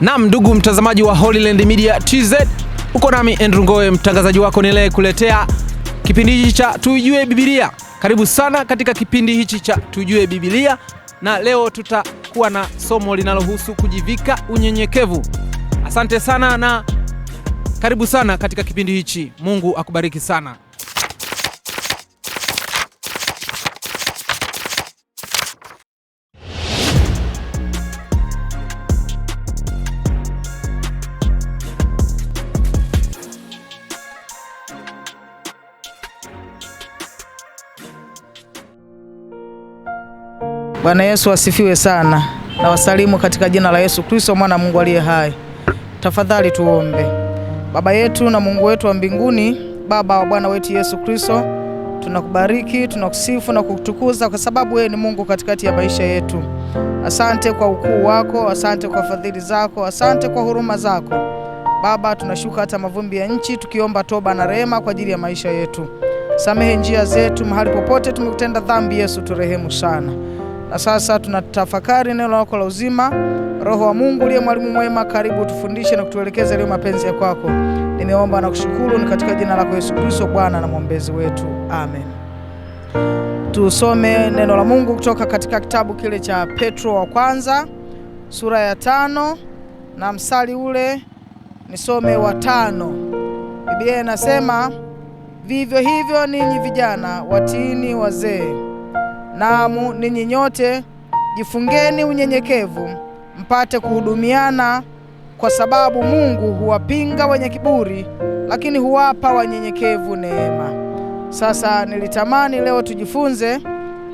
Naam, ndugu mtazamaji wa Holyland Media TZ, uko nami Andrew Ngoe, mtangazaji wako kuletea kipindi hichi cha Tujue Biblia. Karibu sana katika kipindi hichi cha Tujue Biblia, na leo tutakuwa na somo linalohusu kujivika unyenyekevu. Asante sana na karibu sana katika kipindi hichi. Mungu akubariki sana. Bwana Yesu asifiwe sana, na wasalimu katika jina la Yesu Kristo mwana Mungu aliye hai. Tafadhali tuombe. Baba yetu na Mungu wetu wa mbinguni, Baba wa Bwana wetu Yesu Kristo, tunakubariki, tunakusifu na kukutukuza kwa sababu wewe ni Mungu katikati ya maisha yetu. Asante kwa ukuu wako, asante kwa fadhili zako, asante kwa huruma zako. Baba, tunashuka hata mavumbi ya nchi tukiomba toba na rehema kwa ajili ya maisha yetu. Samehe njia zetu, mahali popote tumekutenda dhambi. Yesu, turehemu sana. Na sasa tunatafakari neno lako la uzima. Roho wa Mungu uliye mwalimu mwema, karibu tufundishe na kutuelekeza yaliyo mapenzi ya kwako. Nimeomba na kushukuru ni katika jina lako Yesu Kristo, Bwana na mwombezi wetu, amen. Tusome neno la Mungu kutoka katika kitabu kile cha Petro wa kwanza sura ya tano na msali ule nisome wa tano. Biblia inasema vivyo hivyo ninyi vijana watiini wazee Naamu ninyi nyote jifungeni unyenyekevu, mpate kuhudumiana, kwa sababu Mungu huwapinga wenye kiburi, lakini huwapa wanyenyekevu neema. Sasa nilitamani leo tujifunze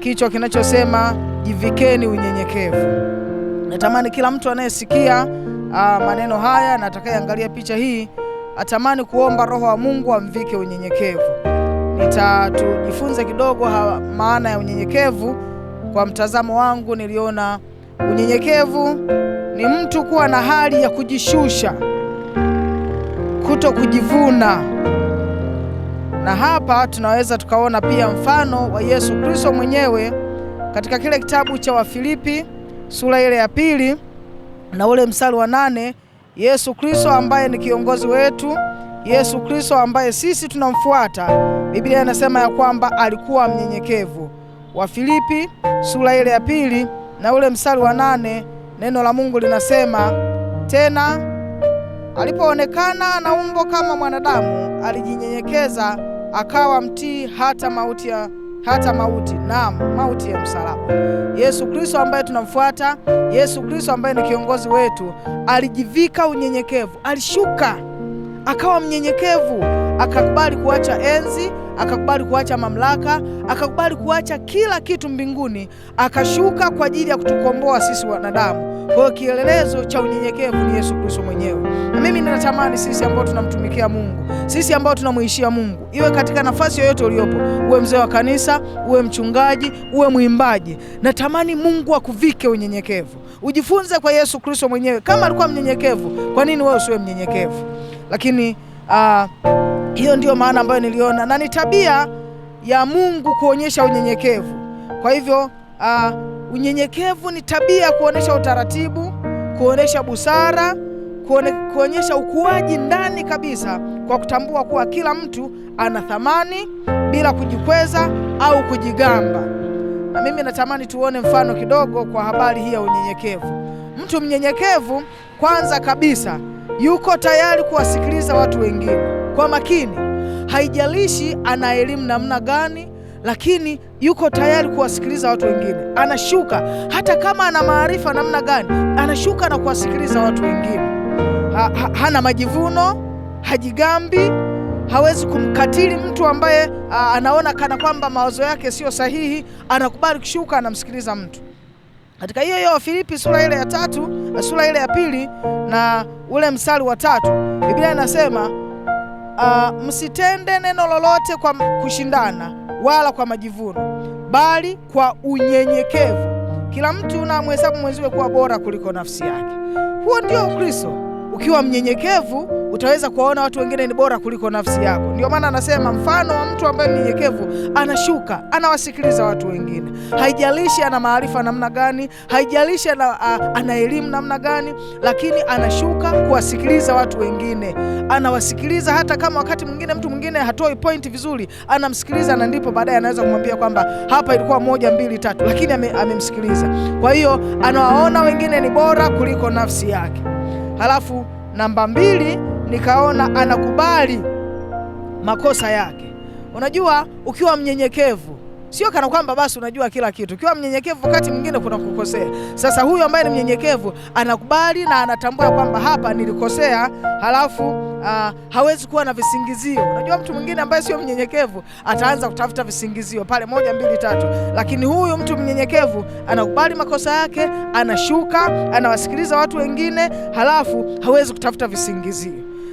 kichwa kinachosema jivikeni unyenyekevu. Natamani kila mtu anayesikia ah, maneno haya na atakayeangalia picha hii atamani kuomba Roho wa Mungu amvike unyenyekevu nitatujifunze kidogo ha, maana ya unyenyekevu. Kwa mtazamo wangu, niliona unyenyekevu ni mtu kuwa na hali ya kujishusha, kuto kujivuna, na hapa tunaweza tukaona pia mfano wa Yesu Kristo mwenyewe katika kile kitabu cha Wafilipi sura ile ya pili na ule mstari wa nane. Yesu Kristo ambaye ni kiongozi wetu, Yesu Kristo ambaye sisi tunamfuata Biblia inasema ya kwamba alikuwa mnyenyekevu. Wafilipi sura ile ya pili na ule mstari wa nane neno la Mungu linasema tena, alipoonekana na umbo kama mwanadamu, alijinyenyekeza akawa mtii hata mauti ya hata mauti, naam, mauti ya msalaba. Yesu Kristo ambaye tunamfuata, Yesu Kristo ambaye ni kiongozi wetu, alijivika unyenyekevu, alishuka akawa mnyenyekevu akakubali kuacha enzi, akakubali kuacha mamlaka, akakubali kuacha kila kitu mbinguni, akashuka kwa ajili ya kutukomboa sisi wanadamu. Kwa hiyo kielelezo cha unyenyekevu ni Yesu Kristo mwenyewe. Na mimi ninatamani sisi ambao tunamtumikia Mungu, sisi ambao tunamuishia Mungu, iwe katika nafasi yoyote uliyopo, uwe mzee wa kanisa, uwe mchungaji, uwe mwimbaji, natamani Mungu akuvike unyenyekevu. Ujifunze kwa Yesu Kristo mwenyewe. Kama alikuwa mnyenyekevu, kwa nini wewe usiwe mnyenyekevu? Lakini uh, hiyo ndiyo maana ambayo niliona, na ni tabia ya Mungu kuonyesha unyenyekevu. Kwa hivyo uh, unyenyekevu ni tabia ya kuonesha utaratibu, kuonesha busara, kuone, kuonyesha ukuaji ndani kabisa, kwa kutambua kuwa kila mtu ana thamani bila kujikweza au kujigamba. Na mimi natamani tuone mfano kidogo kwa habari hii ya unyenyekevu. Mtu mnyenyekevu kwanza kabisa yuko tayari kuwasikiliza watu wengine kwa makini. Haijalishi ana elimu namna gani, lakini yuko tayari kuwasikiliza watu wengine. Anashuka hata kama ana maarifa namna gani, anashuka na kuwasikiliza watu wengine. Ha, ha, hana majivuno, hajigambi, hawezi kumkatili mtu ambaye a, anaona kana kwamba mawazo yake siyo sahihi. Anakubali kushuka, anamsikiliza mtu. Katika hiyo hiyo wafilipi sura ile ya tatu, sura ile ya pili na ule mstari wa tatu, Biblia inasema uh, msitende neno lolote kwa kushindana wala kwa majivuno, bali kwa unyenyekevu kila mtu na mhesabu mwenziwe kuwa bora kuliko nafsi yake. Huo ndio Ukristo, ukiwa mnyenyekevu utaweza kuwaona watu wengine ni bora kuliko nafsi yako. Ndio maana anasema mfano wa mtu ambaye mnyenyekevu anashuka, anawasikiliza watu wengine, haijalishi ana maarifa namna gani, haijalishi ana, ana elimu namna gani, lakini anashuka kuwasikiliza watu wengine, anawasikiliza hata kama wakati mwingine mtu mwingine hatoi point vizuri, anamsikiliza na ndipo baadaye anaweza kumwambia kwamba hapa ilikuwa moja mbili tatu, lakini amemsikiliza. Ame kwa hiyo anawaona wengine ni bora kuliko nafsi yake. Halafu namba mbili nikaona anakubali makosa yake. Unajua, ukiwa mnyenyekevu sio kana kwamba basi unajua kila kitu. Ukiwa mnyenyekevu, wakati mwingine kuna kukosea. Sasa huyu ambaye ni mnyenyekevu anakubali na anatambua kwamba hapa nilikosea, halafu Uh, hawezi kuwa na visingizio. Unajua, mtu mwingine ambaye sio mnyenyekevu ataanza kutafuta visingizio pale, moja mbili tatu, lakini huyu mtu mnyenyekevu anakubali makosa yake, anashuka, anawasikiliza watu wengine, halafu hawezi kutafuta visingizio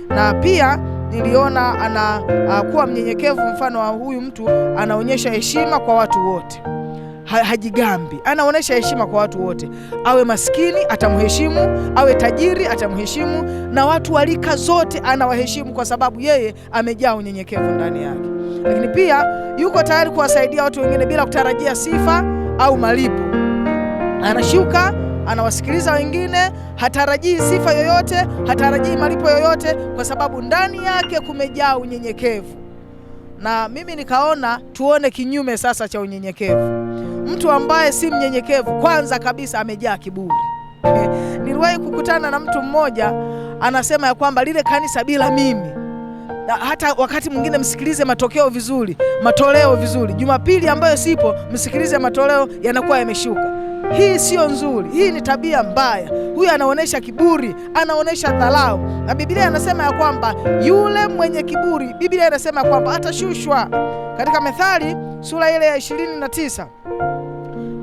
na pia niliona anakuwa ah, mnyenyekevu. Mfano wa huyu mtu anaonyesha heshima kwa watu wote, ha, hajigambi, anaonyesha heshima kwa watu wote. Awe maskini atamheshimu, awe tajiri atamheshimu, na watu walika zote anawaheshimu kwa sababu yeye amejaa unyenyekevu ndani yake. Lakini pia yuko tayari kuwasaidia watu wengine bila kutarajia sifa au malipo, anashuka anawasikiliza wengine, hatarajii sifa yoyote, hatarajii malipo yoyote, kwa sababu ndani yake kumejaa unyenyekevu. Na mimi nikaona tuone kinyume sasa cha unyenyekevu. Mtu ambaye si mnyenyekevu, kwanza kabisa amejaa kiburi. Niliwahi kukutana na mtu mmoja anasema ya kwamba lile kanisa bila mimi na hata wakati mwingine msikilize matokeo vizuri, matoleo vizuri. Jumapili ambayo sipo, msikilize matoleo yanakuwa yameshuka. Hii siyo nzuri, hii ni tabia mbaya. Huyu anaonyesha kiburi, anaonyesha dharau, na Biblia inasema ya kwamba yule mwenye kiburi, Biblia inasema ya kwamba atashushwa. Katika Methali sura ile ya 29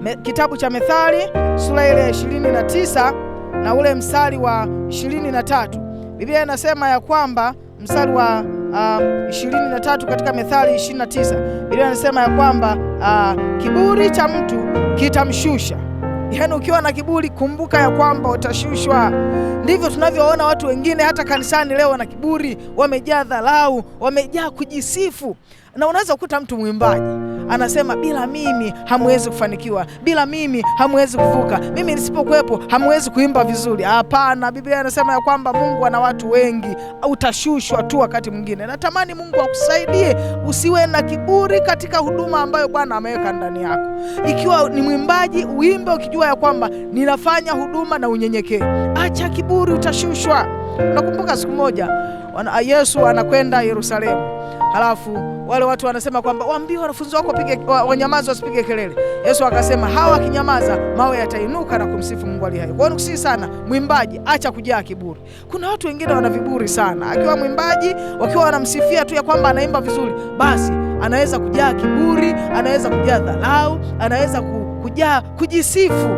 Me, kitabu cha Methali sura ile ya 29 na ule msali wa 23 Biblia inasema ya kwamba msali wa uh, um, 23 katika Methali 29 Biblia inasema ya kwamba uh, kiburi cha mtu kitamshusha. Yaani ukiwa na kiburi, kumbuka ya kwamba utashushwa. Ndivyo tunavyoona watu wengine hata kanisani leo wana kiburi, wamejaa dharau, wamejaa kujisifu, na unaweza kukuta mtu mwimbaji anasema bila mimi hamwezi kufanikiwa, bila mimi hamwezi kuvuka, mimi nisipokuwepo hamwezi kuimba vizuri. Hapana, Biblia anasema ya kwamba Mungu ana watu wengi, utashushwa tu wakati mwingine. Natamani Mungu akusaidie usiwe na kiburi katika huduma ambayo Bwana ameweka ndani yako. Ikiwa ni mwimbaji, uimbe ukijua ya kwamba ninafanya huduma na unyenyekee. Acha kiburi, utashushwa. Nakumbuka siku moja Yesu anakwenda Yerusalemu halafu wale watu wanasema kwamba waambie wanafunzi wako wapige, wanyamaza wasipige kelele. Yesu akasema hawa akinyamaza mawe yatainuka na kumsifu Mungu aliye hai. Kwa hiyo sana mwimbaji, acha kujaa kiburi. Kuna watu wengine wana viburi sana, akiwa mwimbaji, wakiwa wanamsifia tu ya kwamba anaimba vizuri, basi anaweza kujaa kiburi, anaweza kujaa dharau, anaweza kujaa kujisifu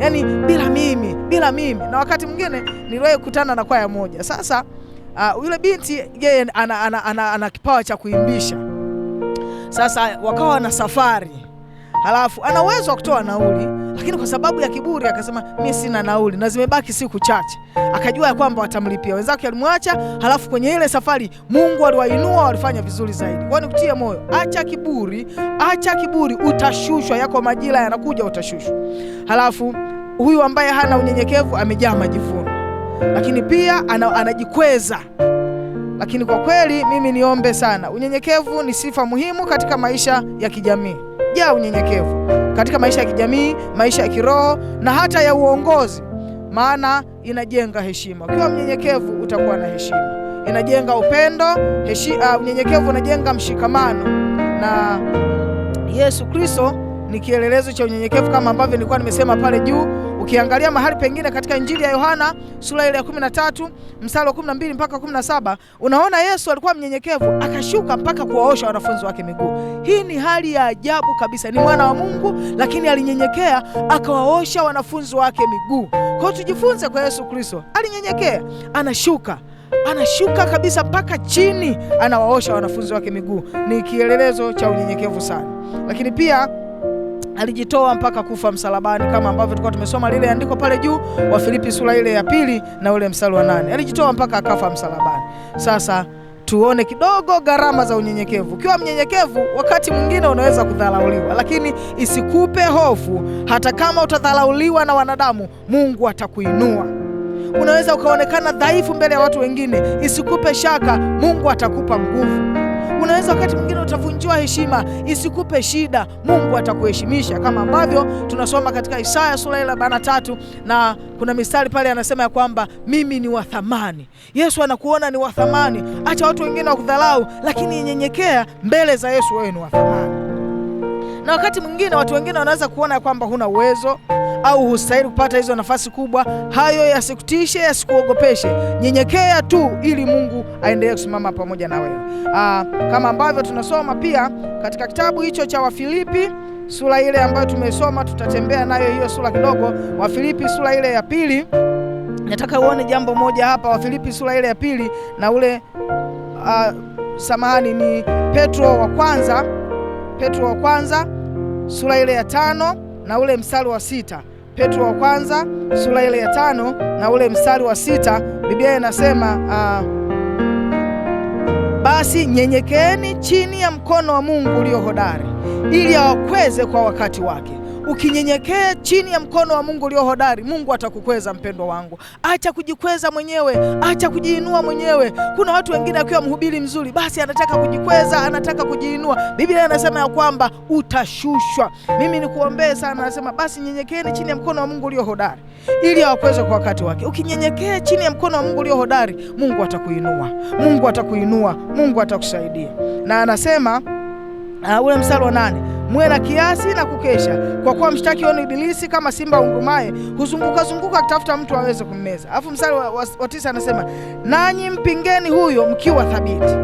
Yaani, bila mimi bila mimi. Na wakati mwingine niliwahi kukutana na kwaya moja sasa uh, yule binti yeye ana, ana, ana, ana, ana kipawa cha kuimbisha. Sasa wakawa na safari, halafu ana uwezo wa kutoa nauli, lakini kwa sababu ya kiburi akasema mi sina nauli na zimebaki siku chache. Akajua ya kwamba watamlipia, wenzake alimwacha. Halafu kwenye ile safari Mungu aliwainua, walifanya vizuri zaidi. Kwa nikutie moyo, acha kiburi, acha kiburi, utashushwa. Yako majira yanakuja, utashushwa. Halafu huyu ambaye hana unyenyekevu amejaa majivuno lakini pia anajikweza. Lakini kwa kweli mimi niombe sana, unyenyekevu ni sifa muhimu katika maisha ya kijamii. ja unyenyekevu katika maisha ya kijamii, maisha ya kiroho na hata ya uongozi, maana inajenga heshima. Ukiwa mnyenyekevu utakuwa na heshima, inajenga upendo. Uh, unyenyekevu unajenga mshikamano na Yesu Kristo ni kielelezo cha unyenyekevu kama ambavyo nilikuwa nimesema pale juu. Ukiangalia mahali pengine katika Injili ya Yohana sura ile ya 13 mstari wa 12 mpaka 17, unaona Yesu alikuwa mnyenyekevu, akashuka mpaka kuwaosha wanafunzi wake miguu. Hii ni hali ya ajabu kabisa. Ni mwana wa Mungu, lakini alinyenyekea akawaosha wanafunzi wake miguu. Kwa tujifunze kwa Yesu Kristo, alinyenyekea, anashuka anashuka kabisa mpaka chini, anawaosha wanafunzi wake miguu. Ni kielelezo cha unyenyekevu sana, lakini pia alijitoa mpaka kufa msalabani, kama ambavyo tulikuwa tumesoma lile andiko pale juu wa Filipi sura ile ya pili na ule mstari wa nane. Alijitoa mpaka akafa msalabani. Sasa tuone kidogo gharama za unyenyekevu. Ukiwa mnyenyekevu, wakati mwingine unaweza kudharauliwa, lakini isikupe hofu. Hata kama utadharauliwa na wanadamu, Mungu atakuinua. Unaweza ukaonekana dhaifu mbele ya watu wengine, isikupe shaka, Mungu atakupa nguvu. Unaweza wakati mwingine utavunjiwa heshima, isikupe shida, Mungu atakuheshimisha kama ambavyo tunasoma katika Isaya sura ile 43 na kuna mistari pale anasema ya kwamba mimi ni wa thamani. Yesu anakuona ni wa thamani. Acha watu wengine wakudhalau, lakini nyenyekea mbele za Yesu, wewe ni wa thamani. Na wakati mwingine watu wengine wanaweza kuona kwamba huna uwezo au hustahili kupata hizo nafasi kubwa. Hayo yasikutishe, yasikuogopeshe, nyenyekea tu ili Mungu aendelee kusimama pamoja na wewe. Ah, kama ambavyo tunasoma pia katika kitabu hicho cha Wafilipi sura ile ambayo tumesoma, tutatembea nayo hiyo sura kidogo. Wafilipi sura ile ya pili, nataka uone jambo moja hapa. Wafilipi sura ile ya pili na ule uh, samahani, ni Petro wa kwanza, Petro wa kwanza sura ile ya tano na ule mstari wa sita Petro wa kwanza sura ile ya tano na ule mstari wa sita Biblia inasema uh, basi nyenyekeeni chini ya mkono wa Mungu ulio hodari ili awakweze kwa wakati wake Ukinyenyekea chini ya mkono wa Mungu ulio hodari, Mungu atakukweza mpendwa wangu. Acha kujikweza mwenyewe, acha kujiinua mwenyewe. Kuna watu wengine akiwa mhubiri mzuri, basi anataka kujikweza, anataka kujiinua. Biblia inasema ya kwamba utashushwa. Mimi nikuombee sana, anasema basi nyenyekeeni chini ya mkono wa Mungu ulio hodari ili awakweze kwa wakati wake. Ukinyenyekea chini ya mkono wa Mungu ulio hodari, Mungu atakuinua, Mungu atakuinua, Mungu atakusaidia. Na anasema uh, ule mstari wa nane mwe na kiasi na kukesha, kwa kuwa mshtaki wenu Ibilisi kama simba ungurumaye huzunguka zunguka akitafuta mtu aweze kummeza. Alafu mstari wa, wa, wa tisa anasema nanyi mpingeni huyo mkiwa thabiti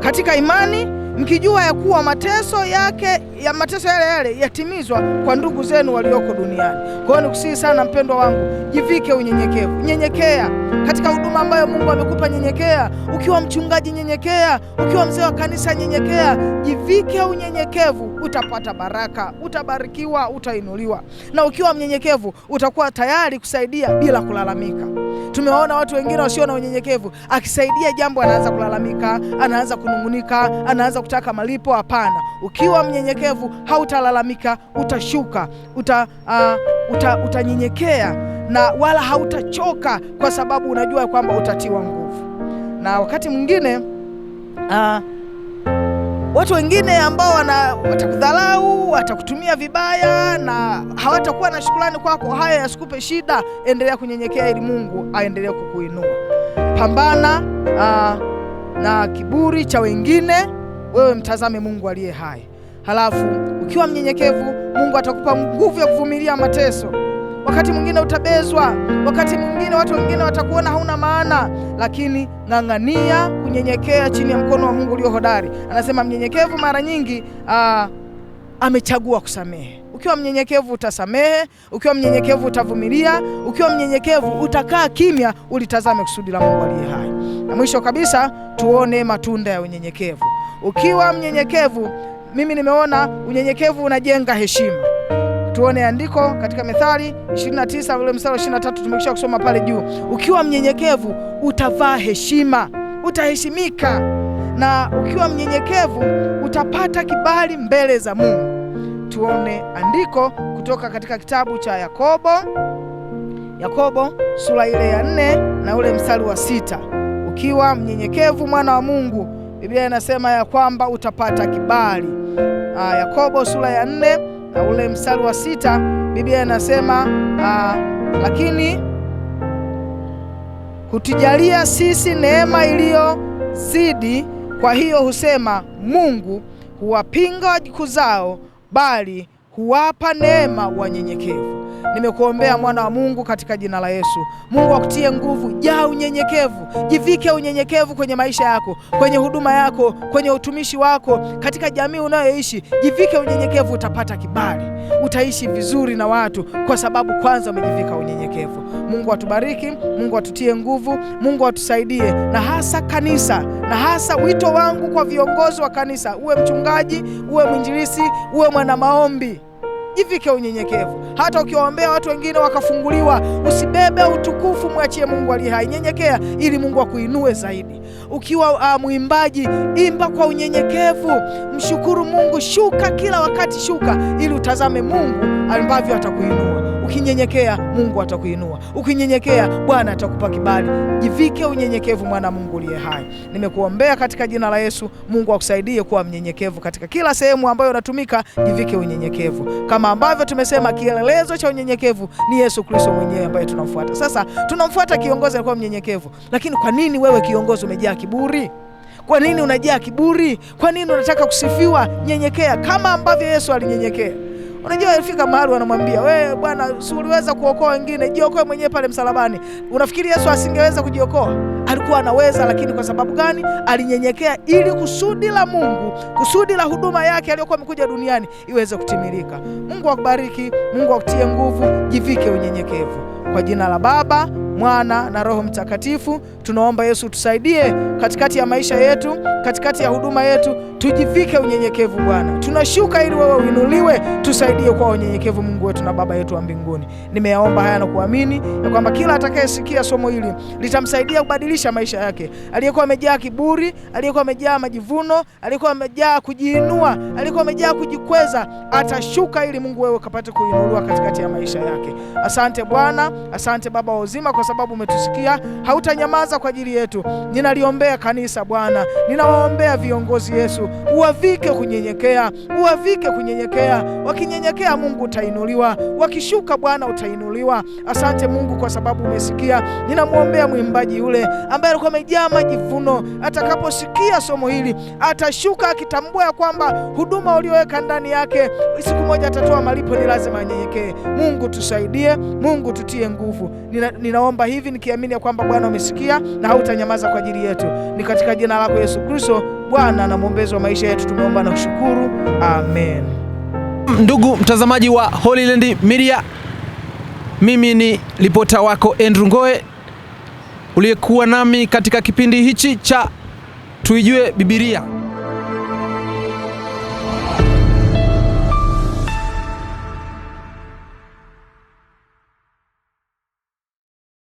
katika imani mkijua ya kuwa mateso yake ya mateso yale yale yatimizwa kwa ndugu zenu walioko duniani. Kwa hiyo nikusihi sana mpendwa wangu, jivike unyenyekevu, nyenyekea katika huduma ambayo Mungu amekupa, nyenyekea. Ukiwa mchungaji, nyenyekea. Ukiwa mzee wa kanisa, nyenyekea. Jivike unyenyekevu, utapata baraka, utabarikiwa, utainuliwa, na ukiwa mnyenyekevu utakuwa tayari kusaidia bila kulalamika. Tumewaona watu wengine wasio na unyenyekevu, akisaidia jambo anaanza kulalamika, anaanza kunungunika, anaanza kutaka malipo. Hapana, ukiwa mnyenyekevu hautalalamika, utashuka, uta, uh, uta, utanyenyekea na wala hautachoka, kwa sababu unajua kwamba utatiwa nguvu, na wakati mwingine uh, Watu wengine ambao watakudharau, watakutumia vibaya na hawatakuwa na shukrani kwako, haya yasikupe shida. Endelea kunyenyekea ili Mungu aendelee kukuinua. Pambana uh, na kiburi cha wengine, wewe mtazame Mungu aliye hai. Halafu ukiwa mnyenyekevu, Mungu atakupa nguvu ya kuvumilia mateso. Wakati mwingine utabezwa, wakati mwingine watu wengine watakuona hauna maana, lakini ng'ang'ania kunyenyekea chini ya mkono wa Mungu ulio hodari. Anasema mnyenyekevu mara nyingi uh, amechagua kusamehe. Ukiwa mnyenyekevu utasamehe, ukiwa mnyenyekevu utavumilia, ukiwa mnyenyekevu utakaa kimya, ulitazame kusudi la Mungu aliye hai. Na mwisho kabisa, tuone matunda ya unyenyekevu. Ukiwa mnyenyekevu, mimi nimeona unyenyekevu unajenga heshima. Tuone andiko katika Methali 29 ule mstari 23 tumekisha kusoma pale juu. Ukiwa mnyenyekevu utavaa heshima utaheshimika, na ukiwa mnyenyekevu utapata kibali mbele za Mungu. Tuone andiko kutoka katika kitabu cha Yakobo, Yakobo sura ile ya nne na ule mstari wa sita. Ukiwa mnyenyekevu mwana wa Mungu, Biblia inasema ya kwamba utapata kibali. Aa, ah, Yakobo sura ya nne na ule mstari wa sita, Biblia inasema aa, ah, lakini hutujalia sisi neema iliyo zidi Kwa hiyo husema Mungu huwapinga wajukuu zao, bali huwapa neema wanyenyekevu. Nimekuombea mwana wa Mungu katika jina la Yesu. Mungu akutie nguvu, jaa unyenyekevu, jivike unyenyekevu kwenye maisha yako, kwenye huduma yako, kwenye utumishi wako, katika jamii unayoishi. Jivike unyenyekevu, utapata kibali, utaishi vizuri na watu kwa sababu kwanza umejivika unyenyekevu. Mungu atubariki, Mungu atutie nguvu, Mungu atusaidie, na hasa kanisa, na hasa wito wangu kwa viongozi wa kanisa, uwe mchungaji, uwe mwinjilisi, uwe mwana maombi jivike unyenyekevu. Hata ukiwaombea watu wengine wakafunguliwa, usibebe utukufu, mwachie Mungu aliye hai. Nyenyekea ili Mungu akuinue zaidi. Ukiwa uh, mwimbaji, imba kwa unyenyekevu, mshukuru Mungu, shuka kila wakati, shuka ili utazame Mungu ambavyo atakuinua. Ukinyenyekea Mungu atakuinua, ukinyenyekea Bwana atakupa kibali. Jivike unyenyekevu, mwana Mungu uliye hai. Nimekuombea katika jina la Yesu. Mungu akusaidie kuwa mnyenyekevu katika kila sehemu ambayo unatumika. Jivike unyenyekevu, kama ambavyo tumesema kielelezo cha unyenyekevu ni Yesu Kristo mwenyewe ambaye tunamfuata. Sasa tunamfuata kiongozi alikuwa mnyenyekevu, lakini kwa nini wewe kiongozi umejaa kiburi? Kwa nini unajaa kiburi? Kwa nini unataka kusifiwa? Nyenyekea kama ambavyo Yesu alinyenyekea. Unajua ifika mahali wanamwambia wewe, bwana, si uliweza kuokoa wengine, jiokoe mwenyewe pale msalabani. Unafikiri Yesu asingeweza kujiokoa? Alikuwa anaweza, lakini kwa sababu gani? Alinyenyekea ili kusudi la Mungu, kusudi la huduma yake aliyokuwa amekuja duniani iweze kutimilika. Mungu akubariki, Mungu akutie nguvu, jivike unyenyekevu kwa jina la Baba Mwana na Roho Mtakatifu. Tunaomba Yesu tusaidie katikati ya maisha yetu, katikati ya huduma yetu, tujivike unyenyekevu Bwana. Tunashuka ili wewe uinuliwe, tusaidie kwa unyenyekevu Mungu wetu na Baba yetu wa mbinguni. Nimeyaomba haya na kuamini ya kwamba kila atakayesikia somo hili litamsaidia kubadilisha maisha yake. Aliyekuwa amejaa kiburi, aliyekuwa amejaa majivuno, aliyekuwa amejaa kujiinua, aliyekuwa amejaa kujikweza, atashuka ili Mungu wewe kapate kuinuliwa katikati ya maisha yake. Asante Bwana, asante Baba wa uzima kwa sababu umetusikia, hautanyamaza kwa ajili yetu. Ninaliombea kanisa Bwana, ninawaombea viongozi Yesu, uwavike kunyenyekea, uwavike kunyenyekea. Wakinyenyekea Mungu utainuliwa, wakishuka Bwana utainuliwa. Asante Mungu kwa sababu umesikia. Ninamwombea mwimbaji yule ambaye alikuwa amejaa majivuno, atakaposikia somo hili atashuka akitambua ya kwamba huduma ulioweka ndani yake siku moja atatoa malipo, ni lazima anyenyekee. Mungu tusaidie, Mungu tutie nguvu. Nina, ninaomba tunaomba hivi nikiamini ya kwamba Bwana umesikia na hautanyamaza kwa ajili yetu. Ni katika jina lako Yesu Kristo, Bwana na mwombezi wa maisha yetu, tumeomba na kushukuru, amen. Ndugu mtazamaji wa Holy Land Media, mimi ni ripota wako Andrew Ngoe uliyekuwa nami katika kipindi hichi cha Tuijue Biblia.